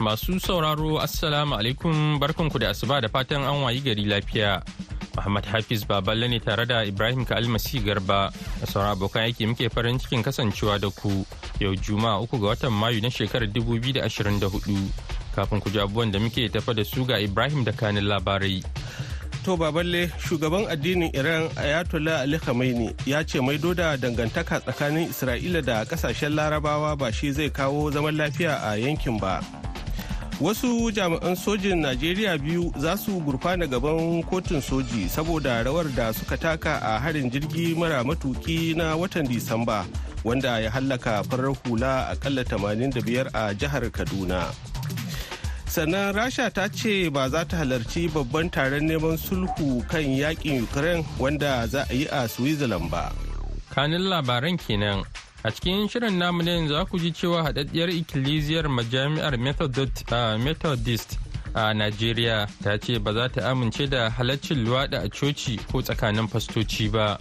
Masu sauraro Assalamu alaikum barkanku da asuba da fatan an wayi gari lafiya. Muhammad Hafiz Baballe ne tare da Ibrahim kalmasi Garba a sauran abokan aiki muke farin cikin kasancewa da ku yau Juma'a uku ga watan Mayu na shekarar 2024 kafin ku ji abubuwan da muke tafa da su ga Ibrahim da kanin labarai. To Baballe shugaban addinin Iran Ayatollah Ali Khamenei ya ce maido da dangantaka tsakanin Isra'ila da kasashen Larabawa ba shi zai kawo zaman lafiya a yankin ba. wasu jami'an sojin najeriya biyu za su gurfana gaban kotun soji saboda rawar da suka taka a harin jirgi mara matuki na watan disamba wanda ya hallaka farar hula akalla 85 a jihar kaduna sannan rasha ta ce ba za ta halarci babban taron neman sulhu kan yakin ukraine wanda za a yi a switzerland ba kanin labaran kenan A cikin shirin namu ne za ku ji cewa haɗaɗɗiyar ikkiliziyar majami'ar Methodist a Najeriya ta ce ba za ta amince da halaccin luwaɗa a coci ko tsakanin fastoci ba.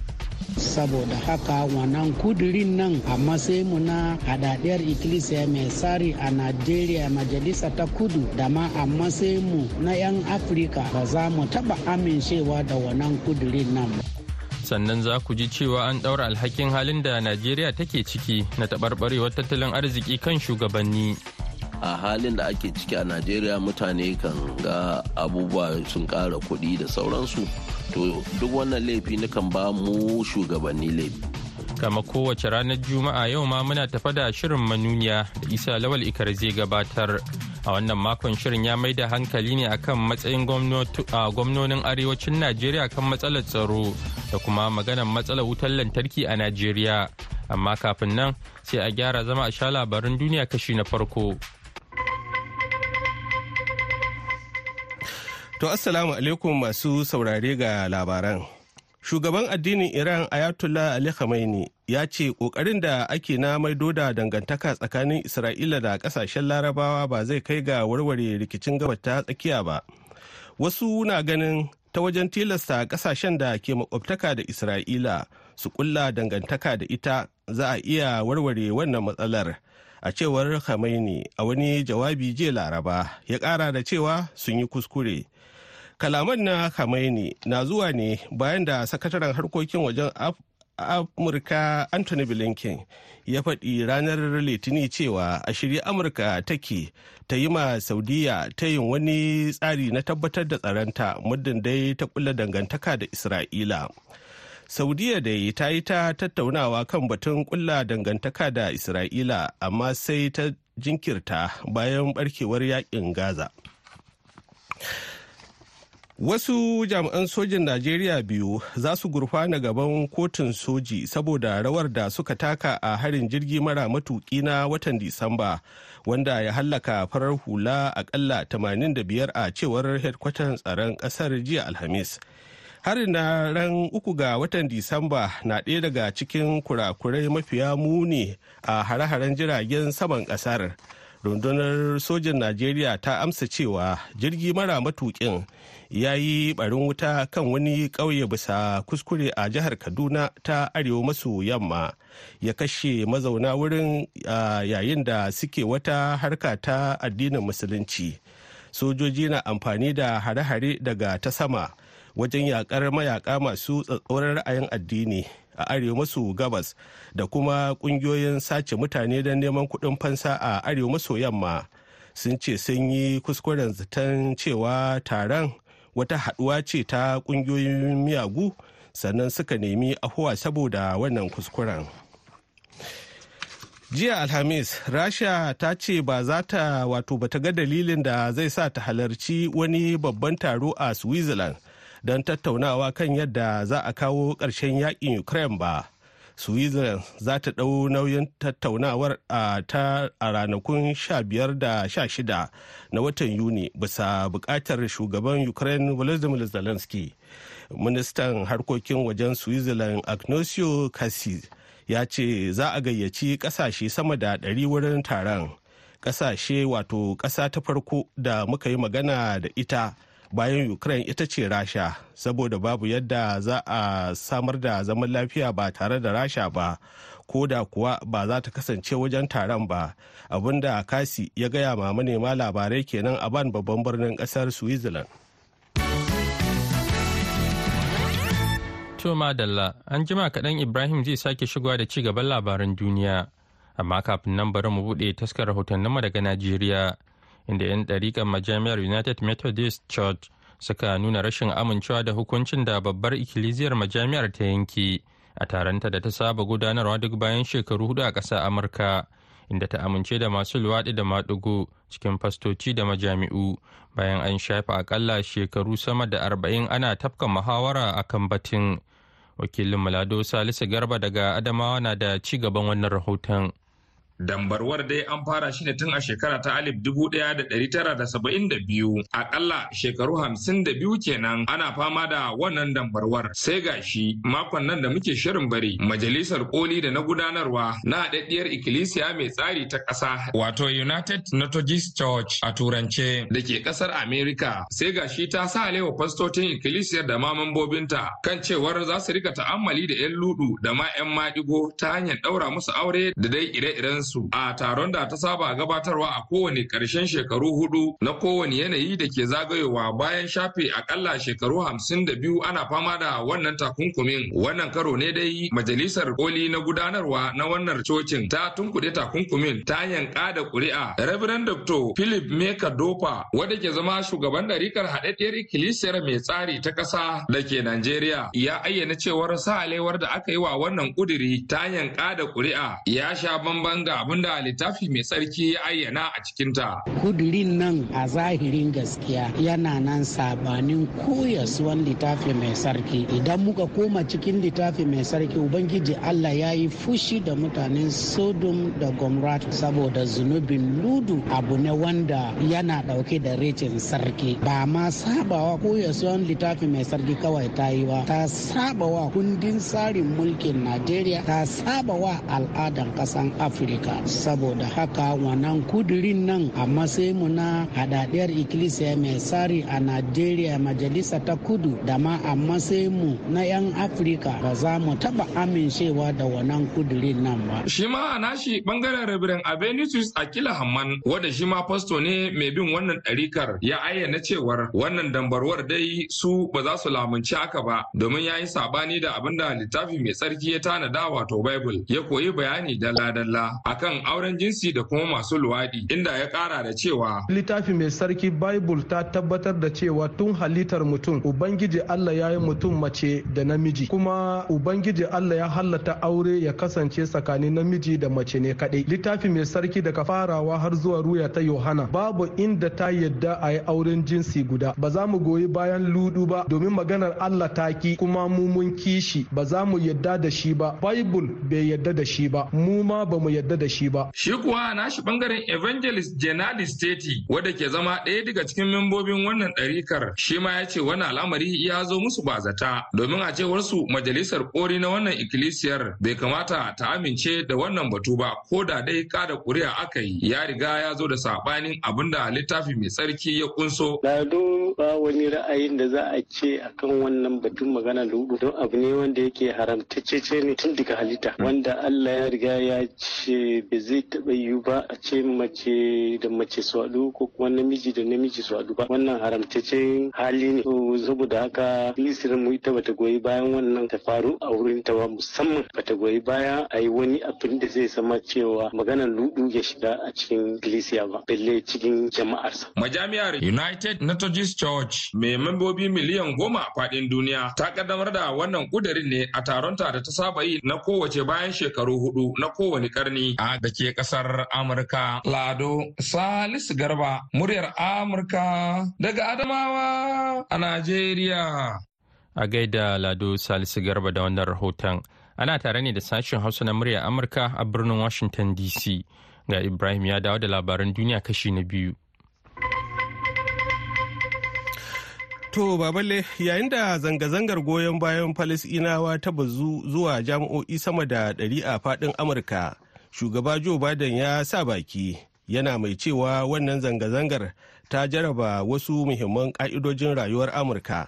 saboda haka wannan kudirin nan a mu na hadadiyar ikkilisiya mai tsari a najeriya majalisa ta kudu da ma a mu na 'yan afirka ba za mu taba amincewa da wannan kudirin nan ba sannan za ku ji cewa an ɗaura alhakin halin da najeriya take ciki na taɓarɓarewar tattalin arziki kan shugabanni a halin da ake ciki a najeriya mutane kan ga abubuwa sun kara kuɗi da sauransu to duk wannan laifi nukan ba mu shugabanni laifi kama kowace ranar juma'a yau ma muna tafa da shirin manuniya da isa lawal ikar zai gabatar a wannan makon shirin ya mai da hankali ne akan matsayin gwamnonin arewacin najeriya kan matsalar tsaro da kuma maganar matsalar wutar lantarki a najeriya amma kafin nan sai a gyara zama a sha labarin duniya kashi na farko to assalamu alaikum masu saurare ga labaran shugaban addinin iran ayatollah ali khamenei ya ce kokarin da ake na maido da dangantaka tsakanin isra'ila da kasashen larabawa ba zai kai ga warware rikicin gabata ta tsakiya ba wasu na ganin ta wajen tilasta kasashen da ke makwabtaka da isra'ila su kulla dangantaka da ita za a iya warware wannan matsalar a cewar khamenei a wani jawabi jiya laraba ya kara da cewa sun yi kuskure kalaman na Khamenei na zuwa ne bayan da sakataren harkokin wajen amurka anthony blinken ya faɗi ranar litini cewa a shirye amurka take ta yi ma saudiya ta yin wani tsari na tabbatar da tsaronta muddin dai ta kulla dangantaka da isra'ila saudiya dai ta yi ta tattaunawa kan batun kulla dangantaka da isra'ila amma sai ta jinkirta bayan barkewar yakin gaza Wasu jami'an sojin Najeriya biyu za su gurfana gaban kotun soji saboda rawar da suka taka a harin jirgi mara matuki na watan Disamba wanda ya hallaka farar hula akalla 85 a cewar hedkwatan tsaron kasar jiya Alhamis. Harin na ran uku ga watan Disamba na ɗaya daga cikin kurakurai mafiya muni a hare-haren jiragen saman ƙasar. rundunar sojin najeriya ta amsa cewa jirgi mara matukin ya yi barin wuta kan wani ƙauye bisa kuskure a jihar kaduna ta arewa maso yamma ya kashe mazauna wurin yayin da suke wata harka ta addinin musulunci sojoji na amfani da hare-hare daga ta sama wajen yakar mayaka masu tsatsauran ra'ayin addini a arewa maso gabas da kuma kungiyoyin sace mutane don neman kudin fansa a arewa maso yamma sun ce sun yi kuskuren zaton cewa taron wata haduwa ce ta kungiyoyin miyagu sannan suka nemi ahuwa saboda wannan kuskuren. jiya alhamis rasha ta ce ba za ta wato bata ga dalilin da zai sa ta halarci wani babban taro a switzerland don tattaunawa kan yadda za a kawo ƙarshen yakin ukraine ba switzerland za ta ɗau nauyin tattaunawar ta a ranakun 15 da 16 na watan yuni bisa buƙatar shugaban ukraine volodymyr zelensky ministan harkokin wajen switzerland agnosio kasi ya ce za a gayyaci ƙasashe sama da 100 wurin taron ƙasashe wato ƙasa ta farko da muka yi magana da ita bayan ukraine ita ce rasha saboda babu yadda za a samar da zaman lafiya ba tare da rasha ba ko da kuwa ba za ta kasance wajen taron ba abinda kasi ya gaya ma manema labarai kenan a ban babban birnin kasar switzerland To Madalla, an jima kaɗan Ibrahim zai sake shigowa da ci gaban labaran duniya. Amma kafin nan bari mu buɗe taskar rahotanninmu daga Najeriya, inda 'yan ɗariƙar majami'ar united methodist church suka nuna rashin amincewa da hukuncin da babbar ikkilisiyar majami'ar ta yanke a taronta da ta saba gudanarwa duk bayan shekaru hudu a ƙasa amurka inda ta amince da masu luwaɗi da maɗigo cikin fastoci da majami'u bayan an shafe akalla shekaru sama da arba'in ana tafka muhawara a kan batun wakilin malado salisu garba daga adamawa na da ci gaban wannan rahoton Dambarwar dai an fara shi ne tun a shekara ta alif dubu ɗaya da tara da saba'in da biyu. shekaru hamsin da biyu kenan ana fama da wannan dambarwar. Sai ga shi makon nan da muke shirin bari majalisar koli da na gudanarwa na haɗaɗɗiyar ikkilisiya mai tsari ta ƙasa wato United Methodist Church a turance da ke ƙasar Amerika. Sai ga shi ta sa alewa fastocin ikkilisiyar da ma mambobinta kan cewar za su rika ta'ammali da 'yan ludu da ma 'yan maɗigo ta hanyar ɗaura musu aure da dai ire-iren su a taron da ta saba gabatarwa a kowane ƙarshen shekaru hudu na kowane yanayi da ke zagayowa bayan shafe akalla shekaru hamsin da biyu ana fama da wannan takunkumin wannan karo ne dai majalisar koli na gudanarwa na wannan cocin ta tunkuɗe takunkumin ta yanka da ƙuri'a reverend dr philip meka dopa wadda ke zama shugaban ɗarikar haɗaɗɗiyar ikkilisiyar mai tsari ta ƙasa da ke najeriya ya ayyana cewar sahalewar da aka yi wa wannan ƙudiri ta yanka da ƙuri'a ya sha bambanga Abin da littafi mai tsarki ya ayyana a cikinta. Kudirin nan a zahirin gaskiya yana nan sabanin koyaswan littafi mai sarki. Idan muka koma cikin littafi mai sarki Ubangiji Allah ya yi fushi da mutanen Sodom da Gomrat saboda zunubin ludu abu ne wanda yana ɗauke da recin sarki. Ba ma sabawa koyaswan littafi mai sarki kawai ta yi ba. Ta sabawa kundin tsarin mulkin Najeriya ta sabawa al'adan ƙasan Afirka. haka saboda haka wannan kudirin nan a mu na hadadiyar ikkilisiya mai tsari a najeriya majalisa ta kudu da ma a mu na 'yan afirka ba za mu taba amincewa da wannan kudirin nan ba shi ma a nashi bangaren rabirin a akila hamman wanda shi ma fasto ne mai bin wannan ɗarikar ya ayyana cewar wannan dambarwar dai su ba za su lamunci haka ba domin ya yi sabani da abin da littafi mai tsarki ya tanada wato bible ya koyi bayani dala-dala kan auren jinsi da kuma masu luwadi inda ya kara da cewa littafi mai sarki bible ta tabbatar da cewa tun halittar mutum ubangiji allah ya yi mutum mace da namiji kuma ubangiji allah ya hallata aure ya kasance tsakanin namiji da mace ne kaɗai littafi mai sarki daga farawa har zuwa ruya ta yohana babu inda ta yadda a yi auren jinsi guda ba za mu goyi bayan ludu ba domin maganar allah ta ki kuma mu mun kishi ba za mu yadda da shi ba bible bai yadda da shi ba mu ma ba mu yadda da shi ba. Shi kuwa nashi bangaren Evangelist Jenadi Steti wadda ke zama ɗaya daga cikin membobin wannan ɗarikar shi ma ya ce wani al'amari ya zo musu ba zata domin a cewar su majalisar ƙori na wannan ikkilisiyar bai kamata ta amince da wannan batu ba ko da dai kada ƙuri'a aka yi ya riga ya zo da saɓanin sabanin da littafi mai tsarki ya kunso. Lado ba wani ra'ayin da za a ce akan wannan batun magana lubu don abu ne wanda yake ce ne tun daga halitta wanda Allah ya riga ya ce ba zai taɓa yiwu ba a ce mace da mace su ko kuma namiji da namiji su ba wannan haramtaccen hali ne saboda haka misirin mu ita bata goyi bayan wannan ta faru a wurin ta ba musamman bata goyi baya a yi wani abin da zai sama cewa maganar ludu ya shiga a cikin iglesia ba balle cikin jama'arsa. majami'ar united methodist church mai membobi miliyan goma a faɗin duniya ta kaddamar da wannan kudirin ne a taron ta da ta saba yi na kowace bayan shekaru hudu na kowane karni A da ke kasar Amurka. Lado Salisu Garba, muryar Amurka daga Adamawa a Najeriya. A gaida Lado Salisu Garba da wannan rahoton. Ana tare ne da sashen Hausa na muryar Amurka a birnin Washington DC. Ga Ibrahim ya dawo da labaran duniya kashi na biyu. To babale yayin da zanga-zangar goyon bayan Falisinawa, ta bazu zuwa jami'o'i sama da ɗari a faɗin Amurka shugaba joe biden ya sa baki yana mai cewa wannan zanga-zangar ta jaraba wasu muhimman ƙa'idojin rayuwar amurka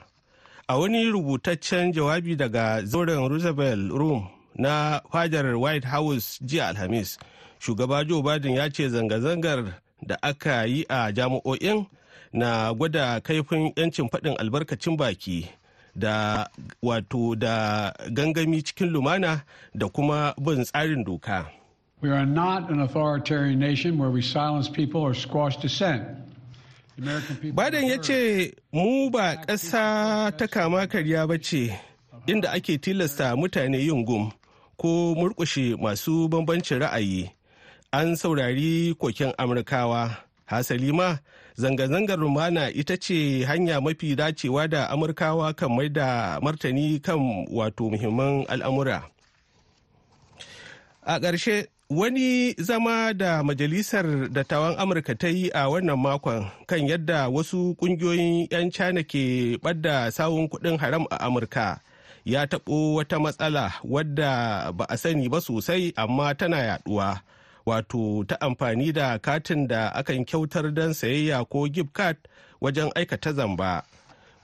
a wani rubutaccen jawabi daga zauren roosevelt room na fadar white house jiya alhamis shugaba joe biden ya ce zanga-zangar da aka yi a jami'o'in na gwada kaifin 'yancin faɗin albarkacin baki da wato da gangami cikin lumana da kuma bin tsarin doka. We are not an authoritarian nation where we silence people or squash dissent. Biden ya ce mu ba ƙasa ta kama karya ba ce inda ake tilasta mutane yin gum ko murƙushe masu bambancin ra'ayi. An saurari koken Amurkawa. Hasali ma zanga-zangar rumana ita ce hanya mafi dacewa da Amurkawa kan mai da martani kan wato muhimman al'amura. A ƙarshe Wani zama da Majalisar Dattawan Amurka ta yi a wannan makon kan yadda wasu ƙungiyoyin 'yan China ke ɓadda sawun kuɗin haram a Amurka ya taɓo wata matsala wadda ba a sani ba sosai amma tana yaɗuwa. Wato ta amfani da katin da akan kyautar don sayayya ko gift card wajen aikata zamba.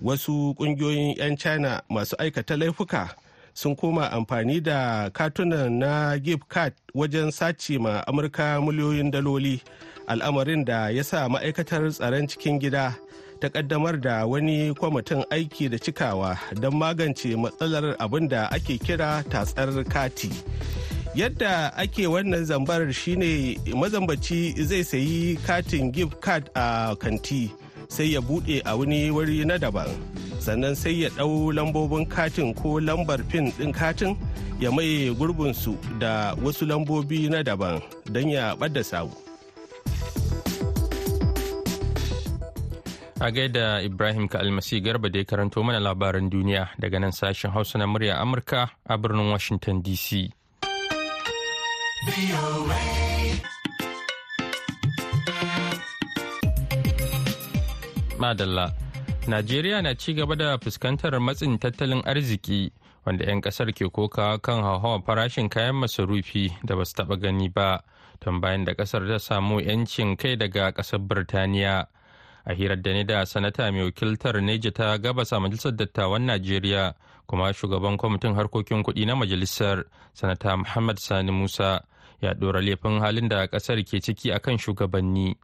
Wasu ƙungiyoyin 'yan China masu aikata laifuka. sun koma amfani da katunan na gift card wajen sace ma amurka miliyoyin daloli al'amarin da ya sa ma'aikatar tsaron cikin gida ta kaddamar da wani kwamitin aiki da cikawa don magance matsalar abin da ake kira tatsar kati yadda ake wannan zambar shine mazambaci zai sayi katin gift card a kanti sai ya bude a wani wuri na daban sannan sai ya ɗau lambobin katin ko lambar fin ɗin katin ya maye gurbinsu da wasu lambobi na daban don ya ɓadda sabu. a gaida ibrahim ka almasi garba da ya karanto mana labaran duniya daga nan sashen hausa na murya amurka a birnin washington dc. Madalla. Najeriya na ci gaba da fuskantar matsin tattalin arziki wanda 'yan kasar ke kokawa kan hauhawar farashin kayan masarufi da ba su taɓa gani ba don bayan da kasar ta samu 'yancin kai daga ƙasar Birtaniya. A hirar da ni da sanata mai wakiltar Neja ta gabas a majalisar dattawan Najeriya kuma shugaban kwamitin harkokin kuɗi na majalisar sanata Muhammad Sani Musa ya ɗora laifin halin da ƙasar ke ciki akan shugabanni.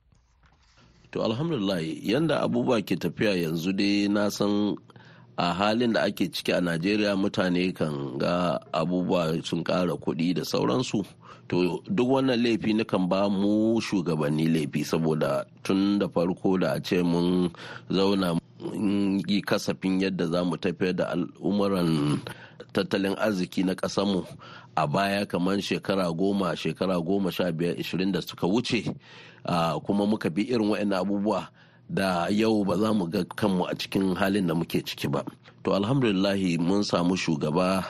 to alhamdulillah yadda abubuwa ke tafiya yanzu dai na san a halin da ake ciki a najeriya mutane kan ga abubuwa sun kara kuɗi da sauransu to duk wannan laifi nakan ba mu shugabanni laifi saboda tun da farko da a ce mun zauna yi kasafin yadda za mu tafiyar da al'umuran tattalin arziki na ƙasarmu a baya kamar shekara goma shekara goma sha biyar ishirin da suka wuce kuma muka bi irin waɗannan abubuwa da yau ba za mu ga kanmu a cikin halin da muke ciki ba to alhamdulillah mun samu shugaba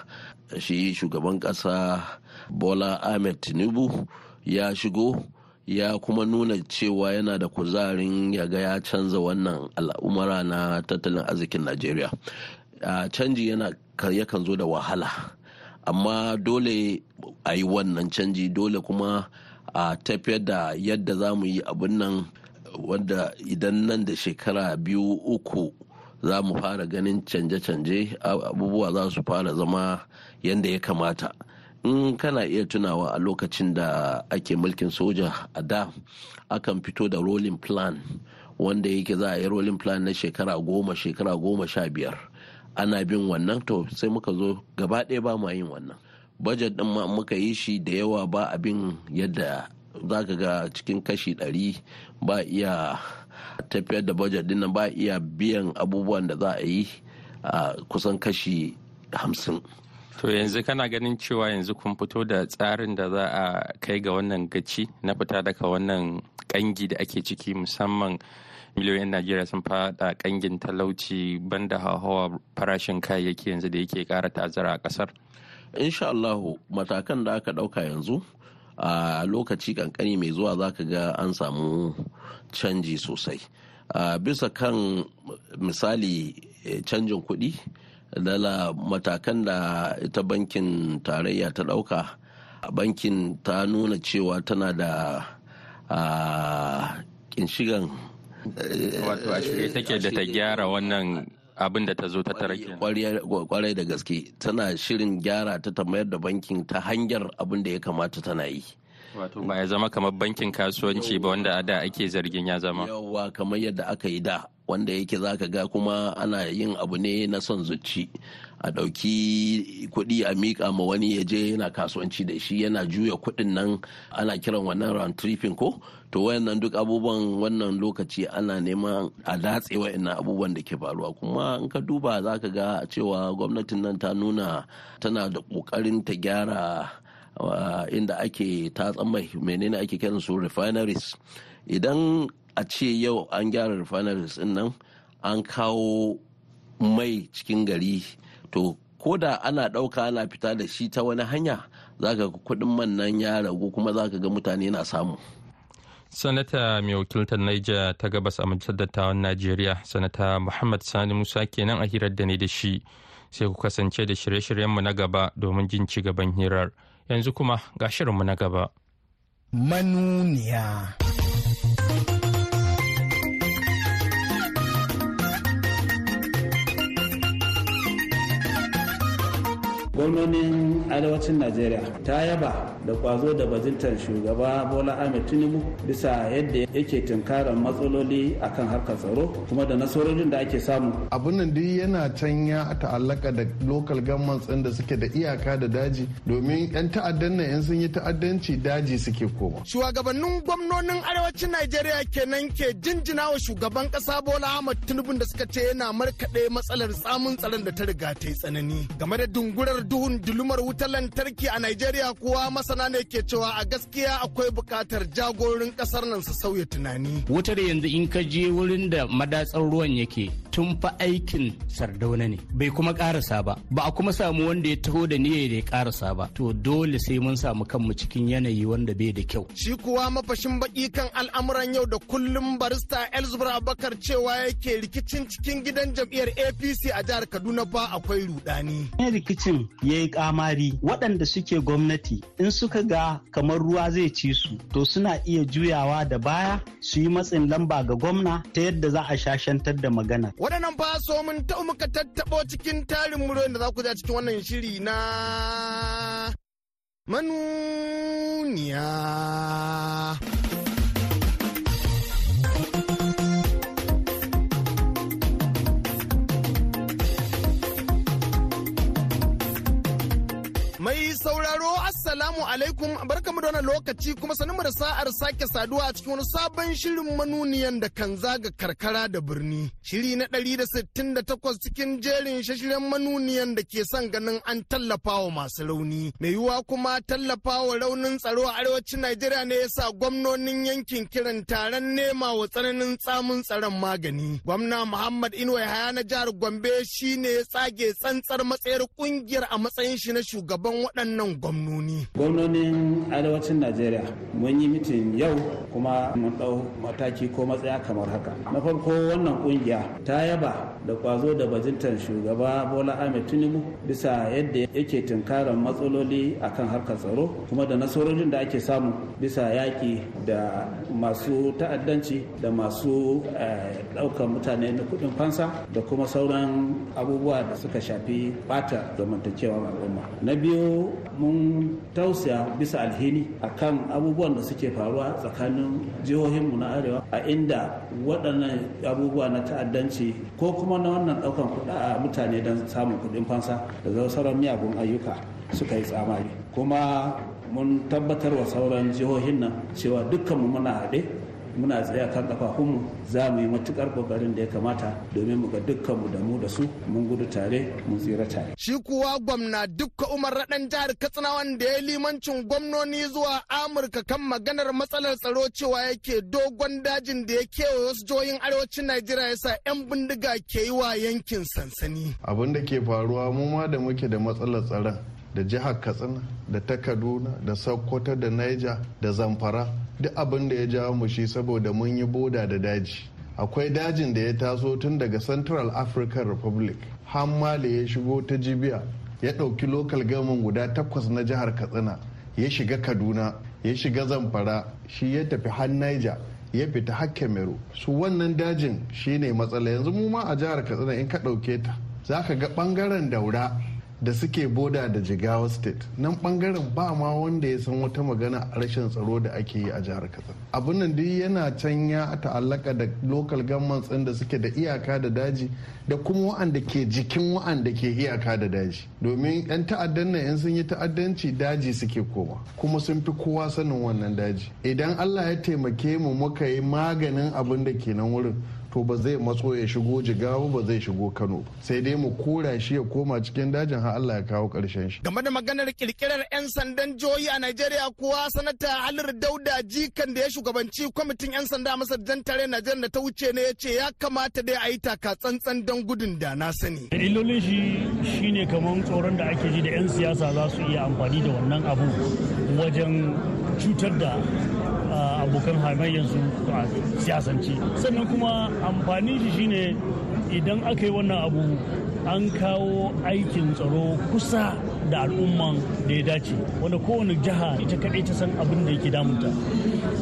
shi shugaban ƙasa bola ahmed tinubu ya shigo ya kuma nuna cewa yana da kuzarin ya ga ya canza wannan al'umara na tattalin arzikin najeriya canji yana yakan zo da wahala amma dole a yi wannan canji dole kuma a tafiyar da yadda za mu yi abin nan wanda idan nan da shekara biyu uku za mu fara ganin canje-canje abubuwa za su fara zama yadda ya kamata in kana iya tunawa a lokacin da ake mulkin soja a da akan fito da rolling plan wanda yake za a yi rolling plan na shekara goma shekara goma sha biyar ana bin wannan to sai muka zo gaba ɗaya ba ma yin wannan bajet ɗin muka yi shi da yawa ba abin yadda za ka ga cikin kashi ɗari ba iya tafiyar da bajet ɗin ba iya biyan abubuwan da za a yi a kusan kashi hamsin to yanzu kana ganin cewa yanzu kun fito da tsarin da za a kai ga wannan gaci na fita daga wannan kangi da ake ciki musamman miliyoyin najeriya sun fada kangin talauci banda hawa farashin kayayyaki yanzu da yake kara ta'azzara a kasar insha allahu matakan da aka dauka yanzu a lokaci kankani mai zuwa za ka ga an samu canji sosai bisa kan misali eh, canjin kuɗi dala matakan da ita bankin tarayya ta ɗauka bankin ta nuna cewa tana da kinshigan wato a shirye take da ta gyara wannan abin da ta zo ta tare kwarai da gaske tana shirin gyara ta ta mayar da bankin ta hanyar abin da ya kamata tana yi wato ba ya zama kamar bankin kasuwanci ba wanda a da ake zargin ya zama yawa kamar yadda aka yi da wanda yake zaka ga kuma ana yin abu ne na son zuci a ɗauki kuɗi a miƙa ma wani ya je yana kasuwanci da shi yana juya kuɗin nan ana kiran wannan round tripping ko to wayannan duk abubuwan wannan lokaci ana neman a datse wayannan abubuwan da ke faruwa kuma in ka duba za ka ga cewa gwamnatin nan ta nuna tana da ƙoƙarin ta gyara inda ake tatsan mai menene ake kiran su refineries idan a ce yau an gyara refineries din nan an kawo mai cikin gari to ko da ana ɗauka ana fita da shi ta wani hanya za ka kuɗin man nan ya ragu kuma za ka ga mutane na samu sanata mai wakiltar naija ta gabas a majalisar dattawan najeriya sanata muhammad sani musa kenan a hirar da ne da shi sai ku kasance da shirye-shiryenmu na gaba domin jin ci gaban hirar yanzu kuma ga shirinmu na gaba manuniya gwamnonin arewacin najeriya ta yaba da kwazo da bajintar shugaba bola ahmed tinubu bisa yadda yake tunkarar matsaloli akan harkar tsaro kuma da nasarorin da ake samu abin nan dai yana canya a ta'allaka da local governments da suke da iyaka da daji domin yan ta'addan nan yan sun yi ta'addanci daji suke koma shugabannin gwamnonin arewacin najeriya kenan ke jinjina wa shugaban kasa bola ahmed tinubu da suka ce yana markaɗe matsalar tsamin tsaron da ta riga ta yi tsanani game da dungurar duhun dulumar wutar lantarki a Najeriya kuwa masana ne ke cewa a gaskiya akwai bukatar jagorin kasar nan su sauya tunani. Wutar yanzu in ka je wurin da madatsar ruwan yake tun fa aikin sardauna ne bai kuma karasa ba ba a kuma samu wanda ya taho da niyyar da ya karasa ba to dole sai mun samu kanmu cikin yanayi wanda bai da kyau shi kuwa mafashin baki kan al'amuran yau da kullum barista elzubra abakar cewa yake rikicin cikin gidan jam'iyyar apc a jihar kaduna ba akwai rudani ne rikicin ya yi kamari waɗanda suke gwamnati in suka ga kamar ruwa zai ci su to suna iya juyawa da baya su yi matsin lamba ga gwamna ta yadda za a shashantar da magana waɗannan fa so mun ta muka tattaɓo cikin tarin muryoyin da za ku a cikin wannan shiri na manuniya. Mai sauraro Assalamu alaikum da wani lokaci kuma sanin mu da sa'ar sake saduwa a cikin wani sabon shirin manuniyan da kan zaga karkara da birni. Shiri na ɗari da sittin da takwas cikin jerin shashiren manuniyan da ke son ganin an tallafawa masu rauni. Mai yiwuwa kuma tallafawa raunin tsaro a arewacin Najeriya ne ya sa gwamnonin yankin kiran taron nema wa tsananin tsamin tsaron magani. Gwamna Muhammad Inuwa Yahaya na jihar Gombe shi ne ya tsage tsantsar matsayar kungiyar a matsayin shi na shugaban waɗannan gwamnoni. Gwamnonin arewacin najeriya mun yi mitin yau kuma mun ɗau mataki ko matsaya kamar haka na farko wannan ƙungiya ta yaba da kwazo da bajintan shugaba bola ahmed tinubu bisa yadda yake tunkarar matsaloli akan harkar tsaro kuma da nasarorin da ake samu bisa yaƙi da masu ta'addanci da masu eh, ɗaukar mutane na kuɗin fansa da kuma sauran abubuwa da suka shafi ɓata zamantakewa al'umma na biyu mun tausaya bisa alheri kan abubuwan da suke faruwa tsakanin jihohinmu na arewa a inda waɗannan abubuwa na ta'addanci ko kuma na wannan ɗaukan kuɗa a mutane don samun kuɗin fansa da sauran miyagun ayyuka suka yi tsamari kuma mun tabbatar wa sauran jihohin nan cewa dukkanmu muna haɗe muna tsaya kan kafafunmu za mu yi matukar kokarin da ya kamata domin mu ga dukkanmu da mu da su mun gudu tare mun tsira tare shi kuwa gwamna dukka umar raɗan jihar katsina wanda ya limancin gwamnoni zuwa amurka kan maganar matsalar tsaro cewa yake dogon dajin da ya kewaye wasu jihohin arewacin najeriya yasa yan bindiga ke yi wa yankin sansani abin da ke faruwa mu ma da muke da matsalar tsaron da jihar katsina da ta kaduna da sokoto da niger da zamfara duk abin da ya jawo mu shi saboda mun yi boda da daji akwai dajin da ya taso tun daga central african republic har mali ya shigo ta jibiya ya ɗauki lokal gamin guda takwas na jihar katsina ya shiga kaduna ya shiga zamfara shi ya tafi har niger ya fita har cameroon su wannan dajin shine matsala yanzu mu ma a jihar katsina in ka ɗauke ta za ka ga ɓangaren daura da suke boda da jigawa state nan bangaren ba ma wanda ya san wata magana a rashin tsaro da ake yi a jihar katsina abin nan duk yana can ya ta'allaka da local governments ɗin da suke da iyaka da daji da kuma wa'anda ke jikin wa'anda ke iyaka da daji domin yan ta'addan nan yan sun yi ta'addanci daji suke koma kuma sun fi kowa sanin wannan daji idan allah ya taimake mu muka yi maganin abin da ke nan wurin to ba zai matso ya shigo jigawa ba zai shigo kano sai dai mu kora shi ya koma cikin dajin har allah ya kawo karshen shi game da maganar kirkirar 'yan sandan jihohi a najeriya kuwa sanata alir dauda jikan da ya shugabanci kwamitin 'yan sanda masar jan tare najeriya da ta wuce ne ya ce ya kamata dai a yi taka tsantsan don gudun da na sani illolin shi shine kamar tsoron da ake ji da 'yan siyasa za su iya amfani da wannan abu wajen cutar da abokan yanzu a siyasance sannan kuma amfani shi shine idan aka yi wannan abu an kawo aikin tsaro kusa da al'umman da ya dace wanda kowane jiha ita kaɗai ta san abin da yake damunta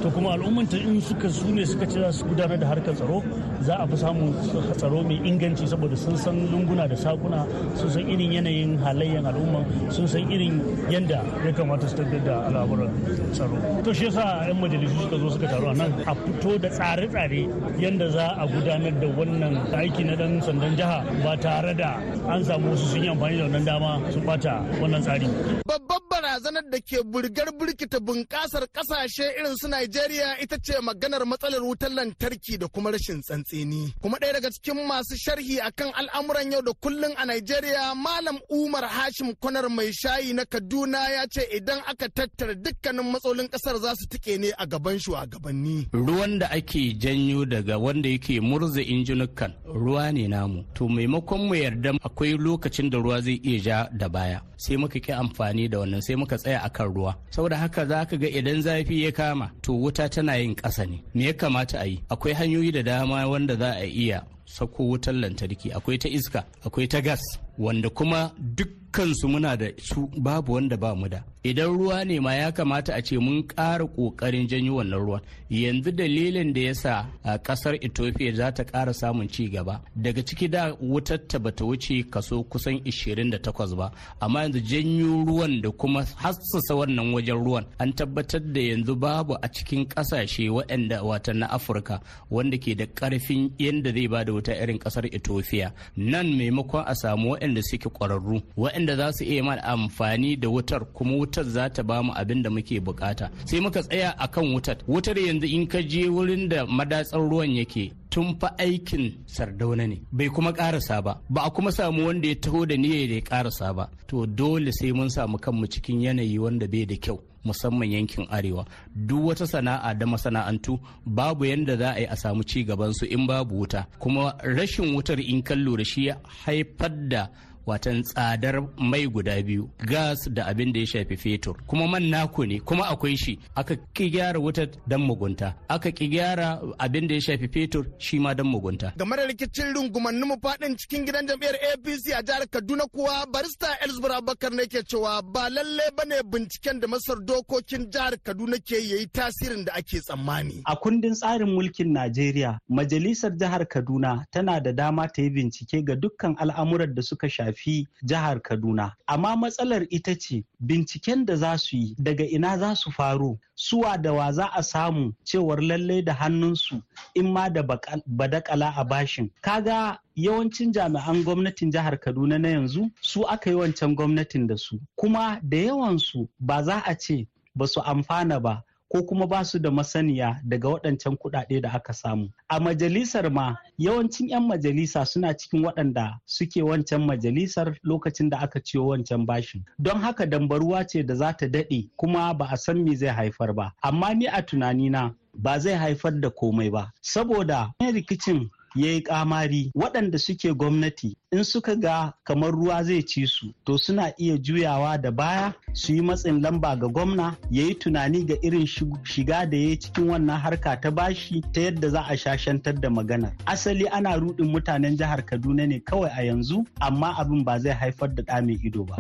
to kuma ta in suka su ne suka ce za su gudanar da harkar tsaro za a fi samun tsaro mai inganci saboda sun san lunguna da sakuna sun san irin yanayin halayen al'umman sun san irin yanda ya kamata su tafiyar da al'amuran tsaro to shi yasa 'yan majalisu suka zo suka taru a nan a fito da tsare-tsare yanda za a gudanar da wannan aiki na dan sandan jiha ba tare da an samu wasu sun yi amfani da wannan dama su bata wannan tsari. Babban barazanar da ke burgar burkita bunƙasar ƙasashe irin su Najeriya ita ce maganar matsalar wutar lantarki da kuma rashin tsantseni. Kuma ɗaya daga cikin masu sharhi akan al'amuran yau da kullun a Najeriya Malam Umar Hashim Kwanar mai shayi na Kaduna ya ce idan aka tattara dukkanin matsalolin ƙasar za su tike ne a gaban shugabanni. Ruwan da ake janyo daga wanda yake murza injinukan ruwa ne namu. To maimakon mu yarda akwai lokacin da ruwa zai iya ja da baya. Sai muka ki amfani da wannan sai muka tsaya a kan ruwa saboda haka za ka ga idan zafi ya kama to wuta tana yin ƙasa ne me ya kamata a yi akwai hanyoyi da dama wanda za a iya sako wutar lantarki akwai ta iska akwai ta gas wanda kuma duk dukkansu muna da su babu wanda ba mu da idan ruwa ne ma ya kamata a ce mun ƙara ƙoƙarin janyo wannan ruwan yanzu dalilin da ya sa a ƙasar ethiopia za ta ƙara samun ci gaba daga ciki da wutar ta bata wuce kaso kusan 28 ba amma yanzu janyo ruwan da kuma hassasa wannan wajen ruwan an tabbatar da yanzu babu a cikin ƙasashe waɗanda wata na afirka wanda ke da ƙarfin yadda zai ba da wuta irin ƙasar ethiopia nan maimakon a samu waɗanda suke ƙwararru waɗanda za su iya mana amfani da wutar kuma wutar za ta ba mu abin da muke bukata sai muka tsaya a kan wutar wutar yanzu in ka je wurin da madatsar ruwan yake tun fa aikin sardauna ne bai kuma karasa ba ba a kuma samu wanda ya taho da niyyar da ya karasa ba to dole sai mun samu kanmu cikin yanayi wanda bai da kyau musamman yankin arewa duk wata sana'a da masana'antu babu yadda za a yi a samu ci gaban in babu wuta kuma rashin wutar in kallo da shi haifar da watan tsadar mai guda biyu gas da abin da ya shafi fetur kuma man naku ne kuma akwai shi aka ki gyara wutar dan mugunta aka ki gyara abin da ya shafi fetur shi ma dan mugunta game da rikicin rungumannin mu fadin cikin gidan jam'iyyar APC a jihar Kaduna kuwa barista Elsbura Bakar ne ke cewa ba lalle bane binciken da masar dokokin jihar Kaduna ke yayi tasirin da ake tsammani a kundin tsarin mulkin Najeriya majalisar jihar Kaduna tana da dama ta yi bincike ga dukkan al'amuran da suka shafi shafi jihar Kaduna. Amma matsalar ita ce binciken da za su yi daga ina za su faro, suwa da wa za a samu cewar lallai da hannunsu in ma da badakala a bashin. Kaga yawancin jami'an gwamnatin jihar Kaduna na yanzu su aka yi wancan gwamnatin da su. Kuma da yawansu ba za a ce ba su amfana ba ko kuma ba su da masaniya daga waɗancan kuɗaɗe da aka samu. A majalisar ma yawancin 'yan majalisa suna cikin waɗanda suke wancan majalisar lokacin da aka ciyo wancan bashin. Don haka dambaruwa ce da za ta daɗe kuma ba a san me zai haifar ba. Amma ni a tunanina ba zai haifar da komai ba saboda rikicin ya yi kamari waɗanda suke gwamnati in suka ga kamar ruwa zai ci su to suna iya juyawa da baya su yi matsin lamba ga gwamna ya yi tunani ga irin shiga da ya yi cikin wannan harka ta bashi ta yadda za a shashantar da maganar asali ana ruɗin mutanen jihar kaduna ne kawai a yanzu amma abin ba zai haifar da ɗa mai ido ba.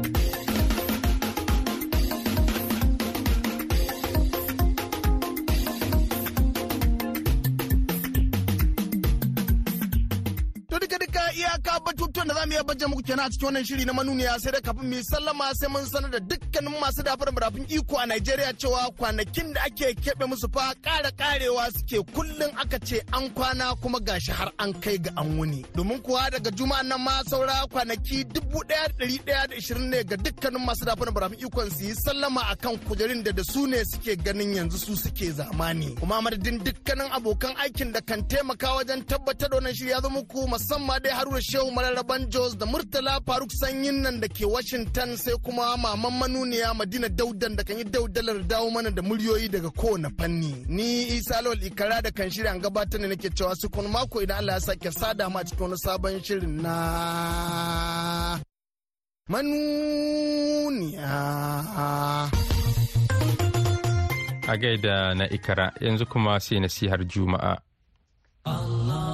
za mu iya bajje muku kenan a cikin wannan shiri na manuniya sai dai kafin mu sallama sai mun sanar da dukkanin masu dafar murafin iko a Najeriya cewa kwanakin da ake keɓe musu fa ƙara ƙarewa suke kullum aka ce an kwana kuma gashi har an kai ga an wuni. Domin kuwa daga juma'an nan ma saura kwanaki dubu ɗaya da ɗari ɗaya da ishirin ne ga dukkanin masu dafar murafin ikon su yi sallama akan kujerin da da su ne suke ganin yanzu su suke zamani. Kuma madadin dukkanin abokan aikin da kan taimaka wajen tabbatar da wannan shiri ya zo muku musamman dai Haruna Shehu Mararaban Jos da Murtala Faruk Sanyin nan da ke Washington sai kuma maman manuniya Madina Daudan da kan yi daudalar dawo mana da muryoyi daga kowane fanni. Ni Isa Lawal Ikara da kan shirya gabatar ne nake cewa su kun mako idan Allah ya sake sada ma cikin wani sabon shirin na manuniya. A gaida na Ikara yanzu kuma sai nasihar Juma'a. Allah.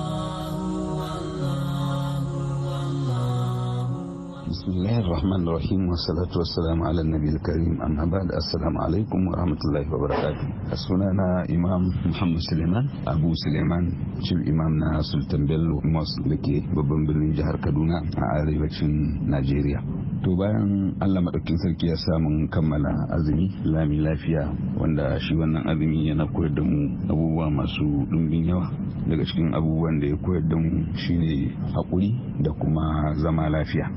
بسم الله الرحمن الرحيم والصلاة والسلام على النبي الكريم amma بعد السلام عليكم ورحمة rahmatullahi وبركاته barakatuh sunana imam muhammad سليمان abu سليمان chief imam na sultan bello لكي ببن babban birnin jihar kaduna a arewacin najeriya to bayan allah maɗaukin sarki ya samun kammala azumi lami lafiya wanda shi wannan azumi yana koyar da mu abubuwa masu ɗumbin yawa daga cikin abubuwan da ya koyar da mu shine haƙuri da kuma zama lafiya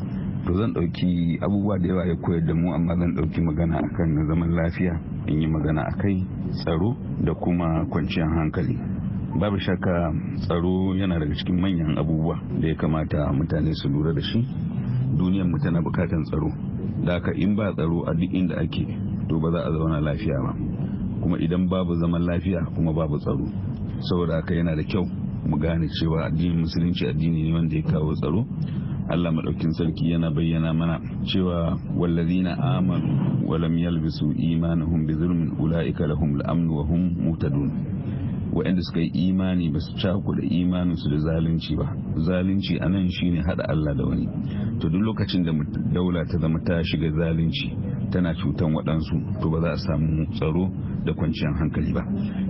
to zan ɗauki abubuwa da yawa ya koyar da mu amma zan ɗauki magana akan zaman lafiya in yi magana kai tsaro da kuma kwanciyar hankali babu shakka tsaro yana daga cikin manyan abubuwa da ya kamata mutane su lura da shi duniyar mu tana bukatan tsaro da haka in ba tsaro a duk inda ake to ba za a zauna lafiya ba kuma idan babu zaman lafiya kuma babu tsaro saboda haka yana da kyau mu gane cewa addinin musulunci addini ne wanda ya kawo tsaro Allah madaukin sarki yana bayyana mana cewa wallazina amanu wa lam yalbisu imanuhum bi zulmin ulaika lahum al-amn wa hum muhtadun waɗanda suka yi imani ba su cakuɗa imaninsu da zalunci ba zalunci a nan shine haɗa Allah da wani to duk lokacin da daula ta zama ta shiga zalunci tana cutan waɗansu to ba za a samu tsaro da kwanciyar hankali ba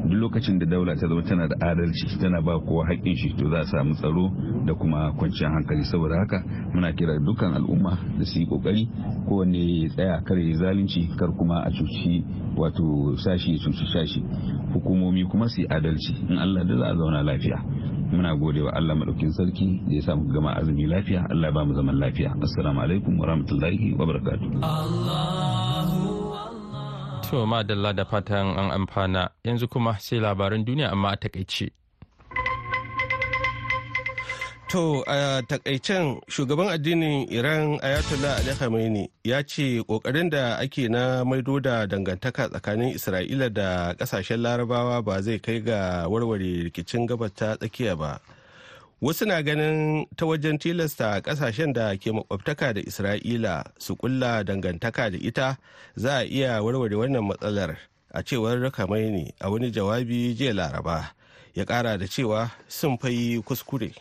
duk lokacin da daula ta zama tana da adalci tana ba kowa haƙƙin shi to za a samu tsaro da kuma kwanciyar hankali saboda haka muna kira dukkan al'umma da su yi kokari kowanne ya tsaya kar ya zalunci kar kuma a cuci wato sashi cuci sashi hukumomi kuma su yi adalci in Allah da za a zauna lafiya muna gode wa Allah madaukin sarki da ya samu gama azumi lafiya Allah ba mu zaman lafiya assalamu alaikum wa rahmatullahi wa barakatuh ma madalla da fatan an amfana yanzu kuma sai labaran duniya amma a takaice. To a takaicen shugaban addinin Iran Ayatollah Ali Khamenei ya ce kokarin da ake na maido da dangantaka tsakanin Isra'ila da kasashen larabawa ba zai kai ga warware rikicin gabata tsakiya ba. wasu na ganin ta wajen tilasta kasashen da ke makwabtaka da isra'ila su kulla dangantaka da ita za a iya warware wannan matsalar a cewar ne a wani jawabi jiya laraba ya kara da cewa sun fayi kuskure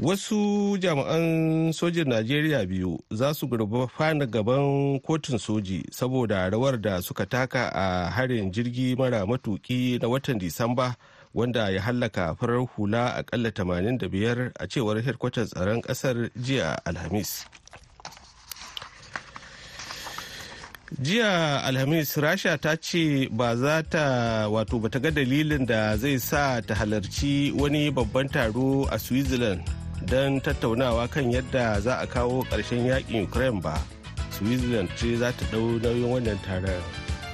wasu jami'an sojin najeriya biyu za su na gaban kotun soji saboda rawar da suka taka a harin jirgi mara matuki na watan disamba wanda ya hallaka farar hula akalla 85 a cewar hedkwatar tsaron kasar jiya alhamis jiya alhamis rasha ta ce ba za ta wato bata ga dalilin da zai sa ta halarci wani babban taro a switzerland don tattaunawa kan yadda za a kawo ƙarshen yakin ukraine ba switzerland ce za ta ɗau nauyin wannan taron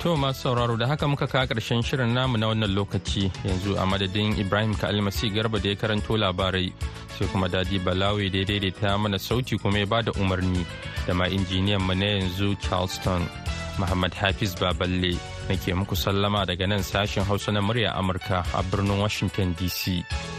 To masu sauraro da haka muka kawo ƙarshen shirin namu na wannan lokaci yanzu a madadin Ibrahim Kalmasi Garba da ya karanto labarai sai kuma Dadi Balawi da ya daidaita mana sauti kuma ya bada umarni da ma injiniyan mu na yanzu Charleston Muhammad Hafiz Baballe nake muku sallama daga nan sashen Hausa na murya Amurka a birnin Washington DC.